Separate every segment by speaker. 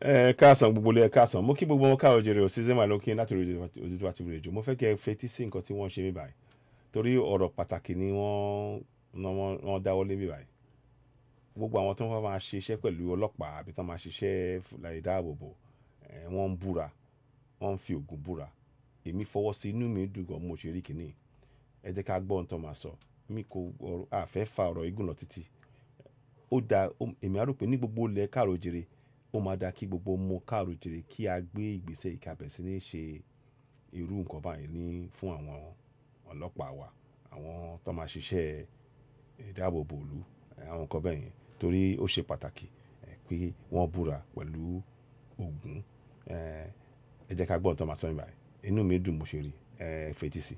Speaker 1: ẹ káàsán gbogbo ilé ẹ káàsán mo kí gbogbo wọn ká òjèrè òsínzémà ló kí láti Òdùduwà TV rédíò mo fẹ́ kẹ́ fetí sí nǹkan tí wọ́n ṣe mí báyìí torí ọ̀rọ̀ pàtàkì ni wọ́n wọ́n dáwọ́ lé mí báyìí gbogbo àwọn tó ń máa ṣiṣẹ́ pẹ̀lú ọlọ́pàá àbí tó máa ṣiṣẹ́ láì dáàbòbò wọ́n ń búra wọ́n ń fi ògùn búra èmi fọwọ́ sí inú mi dùn gan mo ṣe rí kìíní ẹ jẹ́ ká gbọ́ ohun tó máa sọ mi fa ọ̀rọ̀ igun lọ títí ó da èmi á rò pé ní gbogbo ilẹ̀ káàró jèrè ó máa da kí gbogbo mọ káàrò jèrè kí a gbé ìgbésẹ̀ ìkàbẹ̀ sí ní ṣe irú nǹkan báyìí ní fún àwọn ọlọ́pàá wa àwọn tó máa ṣiṣẹ́ ìdáàbòbò òlu àwọn nǹkan bẹ́ẹ̀ yẹn torí ó ṣe pàtàkì pé wọ́n búra pẹ̀lú Ògún ẹ jẹ́ ká gbọ́ nǹkan máa sọ nígbà yìí inú mi dùn mo ṣe rí ẹ fetí sí.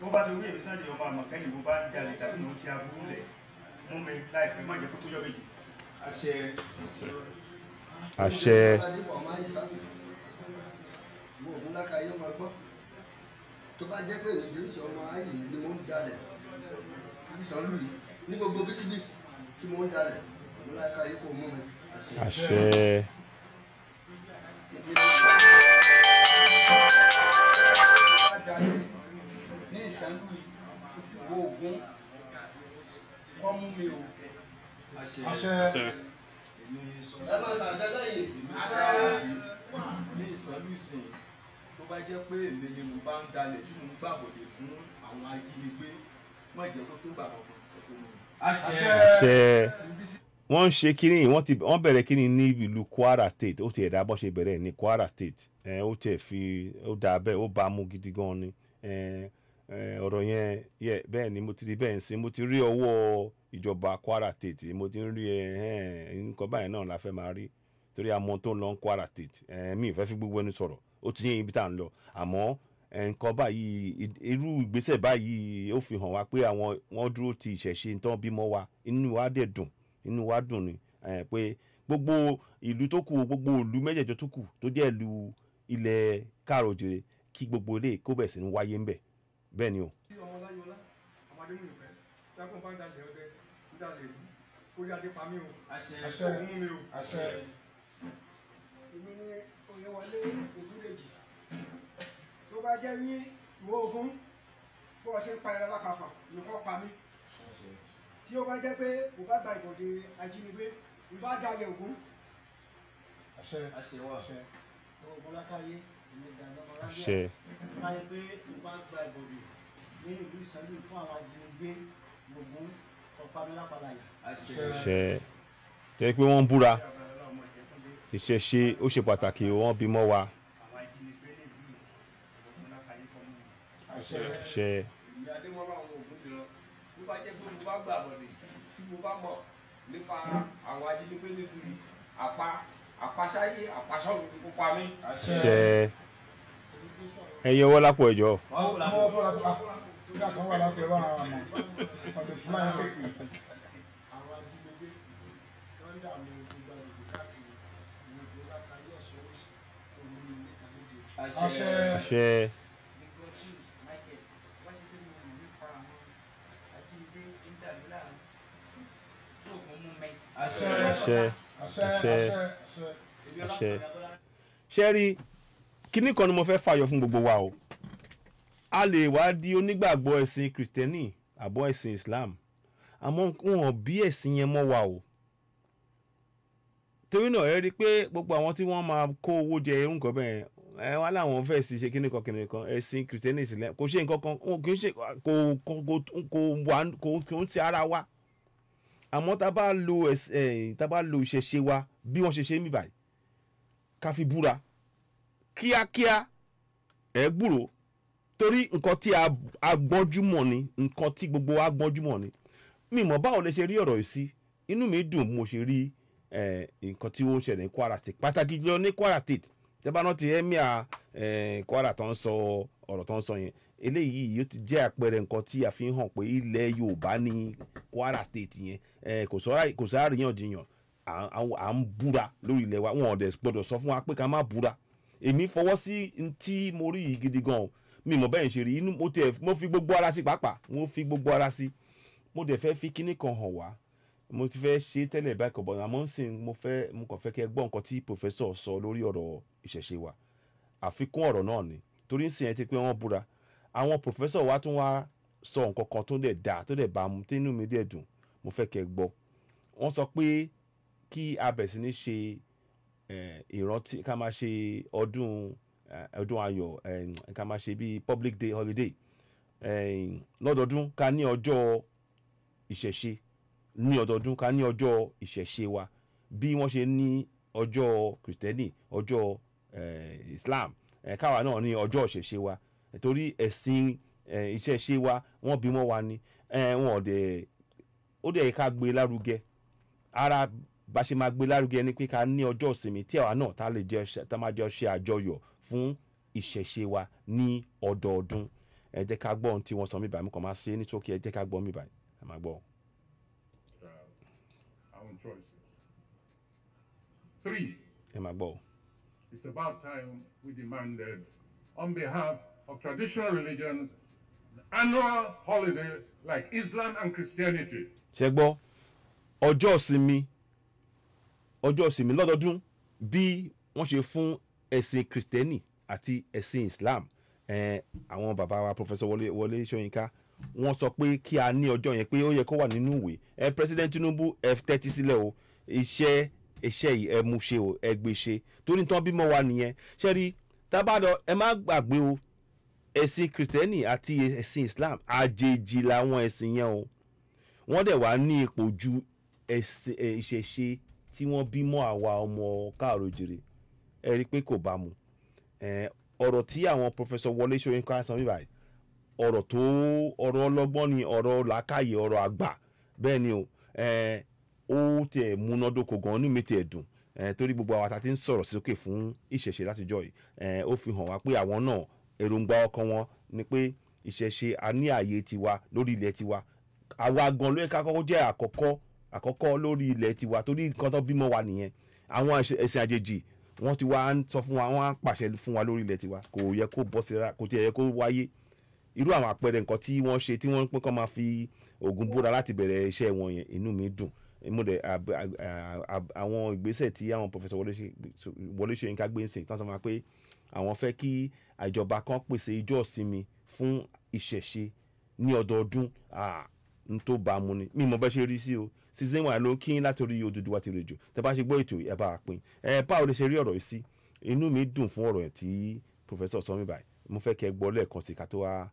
Speaker 1: bó bá ti wí èmi Sunday ọmọ àmọ kẹ́yìn bó bá jalè tàbí mo ti aburú lẹ̀ mú mi láìpẹ́ má jẹ́ kó tó yọ méje. àṣẹ àṣẹ. tó àṣẹ. ní ìsọ̀lù yìí wo oògùn kọ́ ẹ máa ṣàṣẹ lẹ́yìn ní ìsọlú ìsìn tó bá jẹ́ pé èmi ni mo bá ń dalẹ̀ tí mo ń gbàbọ̀dè fún àwọn ajínigbé wọ́n jẹ́ kó tó gbàgbọ́ kan tó mú mi. àṣẹ wọ́n ń ṣe kínní wọ́n ti wọ́n bẹ̀rẹ̀ kínní ní ìlú Kwara State ó ti ẹ̀dá bọ́ ṣe bẹ̀rẹ̀ ní Kwara State ó tiẹ̀ fi ó dáa bẹ́ẹ̀ ó bá a mú gidi gan ni ọ̀rọ̀ yẹn bẹ́ẹ̀ ni mo ti rí bẹ́ẹ̀ ń sin mo ti rí ọwọ́ ìjọba Kwara State mo ti ń rí ẹ nǹkan báyìí náà la fẹ́ máa rí torí àmọ́ tó ń lọ Kwara State mi ìfẹ́ fi gbogbo ẹnu sọ̀rọ̀ ó ti yẹn ibi tá à ń lọ àmọ́ nǹkan báyìí irú ìgbésẹ̀ báyìí ó fi hàn wá pé àwọn wọ́n dúró ti ìṣẹ̀ṣe tán bímọ wa inú wa dẹ̀ dùn inú wa dùn ni pé gbogbo ìlú tó kù gbogbo ìlú mẹ́jẹ̀jọ tó kù tó jẹ́ ìlú ilẹ̀ káròjèrè kí gbogbo ilé kó bẹ̀ sí ń wáyé ńbẹ̀ bẹ́ẹ̀ ni o. ọmọ ọláyọlá ọmọdé mi ò fẹ́ dákun bá ń ọdẹ jáde orí adé pa mí o àṣẹ òun mi o àṣẹ. èmi ni oyèwọlé ògúndèjì tó bá jẹ́ ní ìwọ ogun bó o ṣe ń pa ẹran lápapà nìkan pa mí tí ó bá jẹ́ pé mo bá gba ìbọ̀dé ajínigbé mo bá dalẹ̀ ògún. àṣẹ àṣẹ wa àṣẹ ògùn lákàyè èmi dàgbà ọ̀rá díẹ̀ láyé pé mo bá gba ìbọ̀dé ní ìlú ìsàlù fún àwọn ajínigbé ògún ṣe jẹ́ pé wọ́n ń búra ìṣẹ̀ṣe ó ṣe pàtàkì wọ́n bímọ wa ṣe. nípa àwọn ajínigbé nílùú ṣe ẹyẹ wọlá pọ̀ ẹjọ́ nígbà kan wà lápẹ̀ wá àwọn àmọ́ ọ̀dẹ̀ fúláyà pẹ̀lú. àwọn ajínigbé tó ń dààmú ojú gbàgbé káàkiri ìlú tó bá ka yẹ sọ́ọ́sì ní ìka àṣẹ. àṣẹ. àṣẹ àṣẹ àṣẹ àṣẹ àṣẹ. ṣẹ́rí kínní kan ni mo fẹ́ fàyọ fún gbogbo wa o a lè wá di onígbàgbọ́ ẹ̀sìn kìrìtẹ́nì àbọ̀ ẹ̀sìn Islam àmọ́ wọn bí ẹ̀sìn yẹn mọ́ wa o torí náà ẹ rí i pé gbogbo àwọn tí wọ́n máa kó owó jẹ irú nǹkan bẹ́ẹ̀ ẹ wá láwọn fẹ́ sí ṣe kíní kan kíní kan ẹ̀sìn kìrìtẹ́nì ìsìlẹ̀ kò ṣe nǹkan kan kò ṣe kò kò wà kò kò ń ti ara wa àmọ́ tá a bá lo ẹ̀sìn tá a bá lo ìṣẹ̀ṣe wa bí wọ́n ṣe ṣe mí báyìí ká fi búra kíákíá ẹ̀ gbúròó torí nǹkan tí a gbọ́njúmọ̀ ni nǹkan tí gbogbo wa gbọ́njúmọ̀ ni mi mọ̀ báwo lè ṣe rí ọ̀rọ̀ yìí sí inú mi dùn mo ṣe rí eh, nǹkan tí ó ń ṣẹlẹ̀ ní Kwara State pàtàkì jùlọ ní Kwara State tẹ́bánà ti emir eh, Kwara tó ń sọ ọ̀rọ̀ tó ń sọ yẹn eléyìí yóò ti jẹ́ àpẹẹrẹ nǹkan tí a fi ń hàn pé ilẹ̀ Yorùbá ní Kwara State yẹn eh, kò sáà ríyànjiyàn à ń búra lórí ilẹ̀ wa wọn ò dẹ̀ gbọ́dọ̀ sọ fún wa pé ká má búra èmi fọwọ́ sí tí mo rí yìí gidi gan o mi mọ̀ bẹ́ẹ̀ ń ṣe rí inú mo tiẹ̀ mo fi gbogbo ara sí pàápàá mo fi gbogbo ara sí mo dẹ̀ fẹ́ fi kíní kan hàn wá mo ti fẹ́ ṣe tẹ́lẹ̀ báyìí kọ̀bọ̀n àmọ́ sì mo fẹ́ mo kàn fẹ́ kẹ́ gbọ́ nǹkan tí pòfẹ́sọ̀ sọ lórí ọ̀rọ̀ ìṣẹ̀ṣe wa àfikún ọ̀rọ̀ náà ni torí ńsìn ẹ ti pé wọ́n búra àwọn pòfẹ́sọ̀ wa tún wá sọ nǹkan kan tó dẹ̀ dà tó dẹ̀ bá mu tínú mi dẹ̀ dùn mo fẹ́ kẹ́ gbọ́ wọ́n sọ pé kí a bẹ̀ sí ní ṣe Eh, ìrántí ká máa ṣe ọdún eh, ọdún ayọ̀ eh, ká máa ṣe bíi public day holiday lọ́dọọdún ká ní ọjọ́ ìṣẹ̀ṣe ní ọdọọdún ká ní ọjọ́ ìṣẹ̀ṣe wa bí wọ́n ṣe ní ọjọ́ kìrìtẹ́nì ọjọ́ Islam káwa náà ní ọjọ́ ìṣẹ̀ṣe wa torí ẹ̀sìn ìṣẹ̀ṣe wa wọ́n bímọ wa ni wọ́n ọ̀dẹ̀ ó dẹ̀ ká gbé lárugẹ ara bá ṣe máa gbé lárugẹ ni pé ká ní ọjọ́ ìsinmi tí àwa náà tá lè máa jọ ṣe àjọyọ̀ fún ìṣẹ̀ṣe wa ní ọdọọdún ẹ jẹ́ ká gbọ́ ohun tí wọ́n sọ mí báyìí mo kàn máa ṣe é ní tókì ẹ jẹ́ ká gbọ́ mí báyìí ẹ máa gbọ́. Um, our choices. Three. ẹ máa gbọ́. It's about time we demanded on behalf of traditional religions an annual holiday like Islam and Christianity. ṣe gbọ́ ọjọ́ ìsinmi ọjọ́ ìsinmi lọ́dọọdún bí wọ́n ṣe fún ẹ̀sìn kristẹni àti ẹ̀sìn islam àwọn bàbá wa professor wọlé wọlé ṣóyínká wọ́n sọ pé kí a ní ọjọ́ yẹn pé ó yẹ kó wà nínú ìwé ẹ president tinubu f tẹ́tí sílẹ̀ o iṣẹ́ iṣẹ́ yìí ẹ mú ṣe o ẹ gbé ṣe torí tán bímọ wa nìyẹn ṣe rí tábàdọ ẹ má gbàgbé o ẹ̀sìn kristẹni àti ẹ̀sìn islam àjèjì làwọn ẹ̀sìn yẹn o wọ́n dẹ̀ wá ní ipò ju ìṣẹ̀ṣe tí wọ́n bí mọ́ àwa ọmọ káàró jèrè ẹ rí i pé kò bá mu ọ̀rọ̀ tí àwọn Professor Wọlé Ṣóyínká sọ bíbá ọ̀rọ̀ tó ọ̀rọ̀ ọlọ́gbọ́n ni ọ̀rọ̀ làákàyè ọ̀rọ̀ àgbà bẹ́ẹ̀ ni o ó tiẹ̀ múnádóko gan-an ní mi tiẹ̀ dùn torí gbogbo àwọn àtàtí ń sọ̀rọ̀ sókè fún ìṣẹ̀ṣe látijọ́ yìí ó fi hàn wá pé àwọn náà èròǹgbà ọkàn wọn ni pé ìṣẹ̀ṣe a ní ààyè tiwa lórí ilẹ̀ tiwa àwa gan ló ká kọ́kọ́ jẹ́ àkọ́kọ́ àkọ́kọ́ lórí ilẹ̀ tiwa torí nǹkan tó bímọ wa nìyẹn àwọn ẹ̀sìn àjèjì wọ́n ti wá ń sọ fún wa wọ́n á pàṣẹ fún wa lórí ilẹ̀ tiwa kò yẹ kó bọ́ síra kò tiẹ̀ yẹ kó wáyé irú àwọn àpẹẹrẹ nǹkan tí wọ́n ṣe tí wọ́n pín kọ́ máa fi oògùn búra láti bẹ̀rẹ̀ iṣẹ́ wọn yẹn inú mi dùn mo dẹ̀ àwọn ìgbésẹ̀ tí àwọn pọfẹsọ Wọlé Ṣóyínká gbé ń sìn tán sọ ma pé àwọn fẹ́ kí ìjọba kan pèsè ijó ìsinmi fún ìṣẹ̀ṣe ní ọdọọdún n tó bá mu ni mi mọ bẹ́ẹ̀ ṣe rí sí o season one ló ń kí láti orí Odùduwà ti rèjò tẹ bá ṣe gbọ́ ètò ẹ bá a pín ẹ bá o lè ṣe rí ọ̀rọ̀ yìí sí inú mi dùn fún ọ̀rọ̀ ẹ̀ tí professor sọmi báyìí mo fẹ́ kẹ́ gbọ́ lẹ́ẹ̀kan sí ká tó wá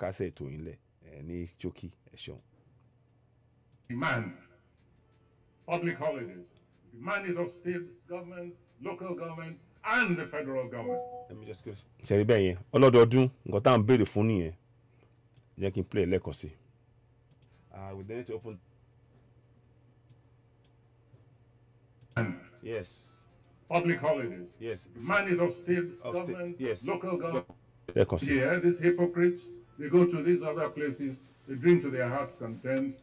Speaker 1: kásẹ̀ ètò yìí lẹ̀ ẹ ní jókì ẹ ṣeun. demand public holidays demand it of state governments local governments and the federal government. ṣe rí bẹ́ẹ̀ yẹn ọlọ́dọọdún nǹkan tá à ń béèrè fún nìyẹn jẹ́ kí n play lẹ́ẹ̀kan sí i. Uh, we then need to open. yes. Public holidays. Yes. Money of state of government. Sta yes. Local government. Yeah, these hypocrites, they go to these other places, they drink to their heart's content,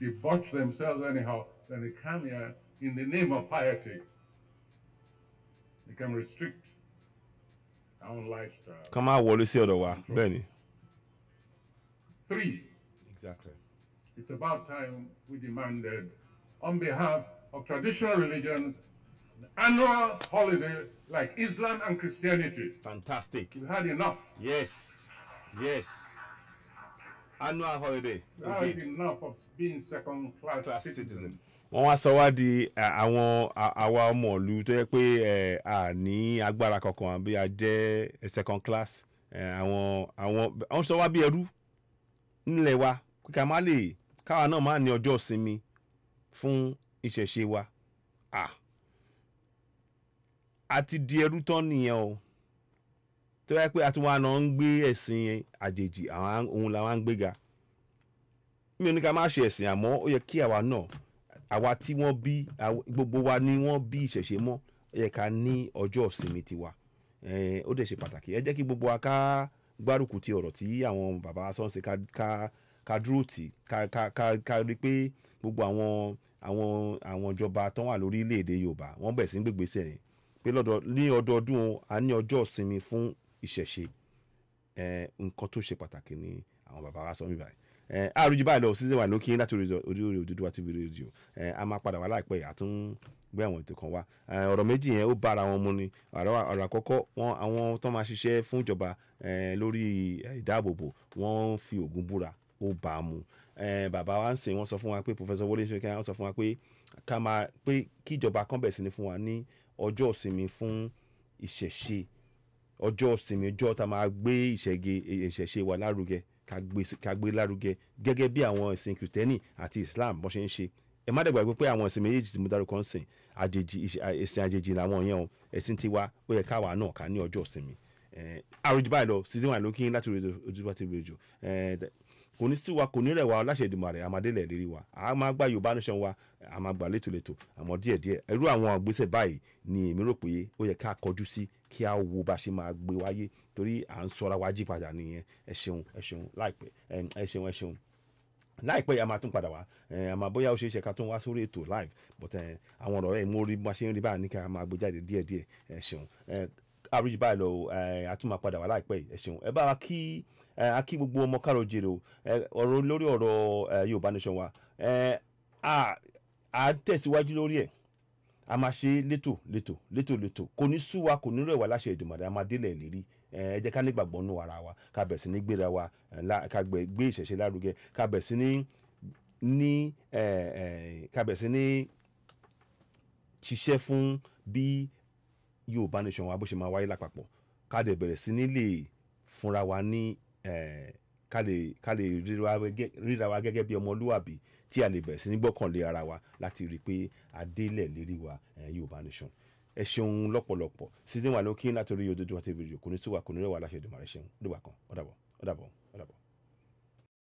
Speaker 1: debauch themselves anyhow, then they come here in the name of piety. They can restrict our own lifestyle. Come out, what you say, Benny. Three. Exactly. It's about time we demanded, on behalf of traditional religions, an annual holiday like Islam and Christianity. Fantastic. We've had enough. Yes. Yes. Annual holiday. We've had enough of being second class, class citizen. citizen. wọ́n wá sọ wá di àwọn àwa ọmọ ìlú tó yẹ pé a ní agbára kankan àbí a jẹ́ second class àwọn àwọn wọ́n sọ wá bí ẹrú nílẹ̀ wa kí ká má lè káwa náà máa ní ọjọ́ ìsinmi fún ìṣẹ̀ṣe wa a ti di ẹrú tán nìyẹn o tó yẹ pé àtiwọn àna ń gbé ẹ̀sìn àjèjì àwọn ohun làwọn ń gbéga mi ò ní ká má ṣe ẹ̀sìn àmọ́ ó yẹ kí àwa náà àwa tí wọ́n bí gbogbo wa ni wọ́n bí ìṣẹ̀ṣe mọ́ ó yẹ ká ní ọjọ́ ìsinmi tiwa ó dẹ̀ ṣe pàtàkì ẹ jẹ́ kí gbogbo wa ká gbárùkù ti ọ̀rọ̀ tí àwọn bàbá sọ́nsẹ̀ ká ká dúró tì ka ká ká ká rí pé gbogbo àwọn àwọn àwọn ìjọba tó wà lórí ilẹ̀-èdè Yorùbá wọ́n bẹ̀rẹ̀ sí ń gbégbèsè yẹn pé lọ́dọ̀ ní ọdọọdún a ní ọjọ́ ìsinmi fún ìṣẹ̀ṣe nǹkan tó ṣe pàtàkì ni àwọn bàbá wa sọ mí báyìí àrùjù báyìí lọ season one ló kí láti orí Odùduwà TV rédíò a máa padà wá láìpẹ́ àtún gbé àwọn ètò kan wá ọ̀rọ̀ méjì yẹn ó bára wọn mu ni ọ̀rọ̀ àkọ́kọ́ wọn àwọn tó máa ṣiṣẹ́ fún ìjọba lórí ìdáàbòbò wọ́n fi Ògún búra ó bá a mu bàbá wa ń sìn wọ́n sọ fún wa pé Professor Wọlé Ṣóyínká wọ́n sọ fún wa pé ká máa pé kíjọba kan bẹ̀rẹ̀ sí ni fún wa ní ọjọ́ ìsinmi fún ìṣẹ̀ṣe ọjọ́ ìsinmi ọjọ́ tá a máa gbé ìṣẹ̀ṣe wa lárugẹ ká gbé lárugẹ gẹ́gẹ́ bí àwọn ìsìn kìrìtẹ́nì àti Islam bó ṣe ń ṣe ẹ má dẹ̀gbàgbé pé àwọn ìsìn méjèèjì tí mo dárúkọ ń sìn àjèjì ìsìn àjèjì làwọn yẹn o ẹ̀sìn tiwa ó yẹ káwa náà ká ní ọjọ́ ìsinmi àròjù báyìí lọ season one ló kí n láti Òjúbà TV Radio kò ní sí wa kò ní rẹ̀ wa láṣẹ Èdùmàrè àmàdélẹ̀ rírí wa a máa gba Yorùbá nation wa a máa gbà létòlétò àmọ́ díẹ̀díẹ̀ irú àwọn àgbésẹ̀ báyìí ni èmi rò pé ó yẹ ká kọjú sí kí a wo bá a ṣe máa gbé wáyé torí à ń sọra wa jí padà nìyẹn ẹ ṣeun ẹ ṣeun láìpẹ́ ẹ ṣeun ẹ ṣeun láìpẹ́ yìí a máa tún padà wá a máa bóyá ó ṣe ṣe ká tún wá sórí ètò live but àwọn ọ̀rọ̀ ẹ̀ mo rí bá ṣe ń rí báyìí ní ká máa gbé jáde díẹ̀díẹ̀ ẹ ṣeun àríjì báyìí lọ a tún máa padà wá láìpẹ́ yìí ẹ ṣeun ẹ bá wa kí akí gbogbo ọmọ kárọ̀ jèrè o ọ̀rọ̀ lórí ọ̀rọ̀ Yorùbá Nation wa à ń tẹ̀síwájú lórí ẹ̀ a máa ṣe létò létò létò létò kò ní sú wa kò ní rẹ̀ wá láṣẹ Èdùmàrè a máa délẹ̀ lérí ẹ jẹ́ ká nígbàgbọ́ nù ara wa ká bẹ̀ sí ní gbéra wa ká gbé ìṣẹ̀ṣe lárugẹ ká bẹ̀ sí ní ní ká bẹ̀ sí ní ṣiṣẹ́ fún bí Yorùbá Nation wa bó ṣe máa wáyé lápapọ̀ ká dẹ̀ bẹ̀rẹ̀ sí ní lè fúnra wa ní ká lè ká lè ríra wa gẹ́gẹ́ bí ọmọlúwàbí tí a lè bẹ̀rẹ̀ sí ní gbọ́kànlé ara wa láti rí i pé adélẹ̀ lérí wa Yorùbá nation ẹ ṣeun lọ́pọ̀lọpọ̀ season wa ló kí n láti orí Ododuwa TV kò ní sí wa kò ní rẹwà láṣẹ Èdùmàrè ṣeun ó dìgbà kan ó dàbọ̀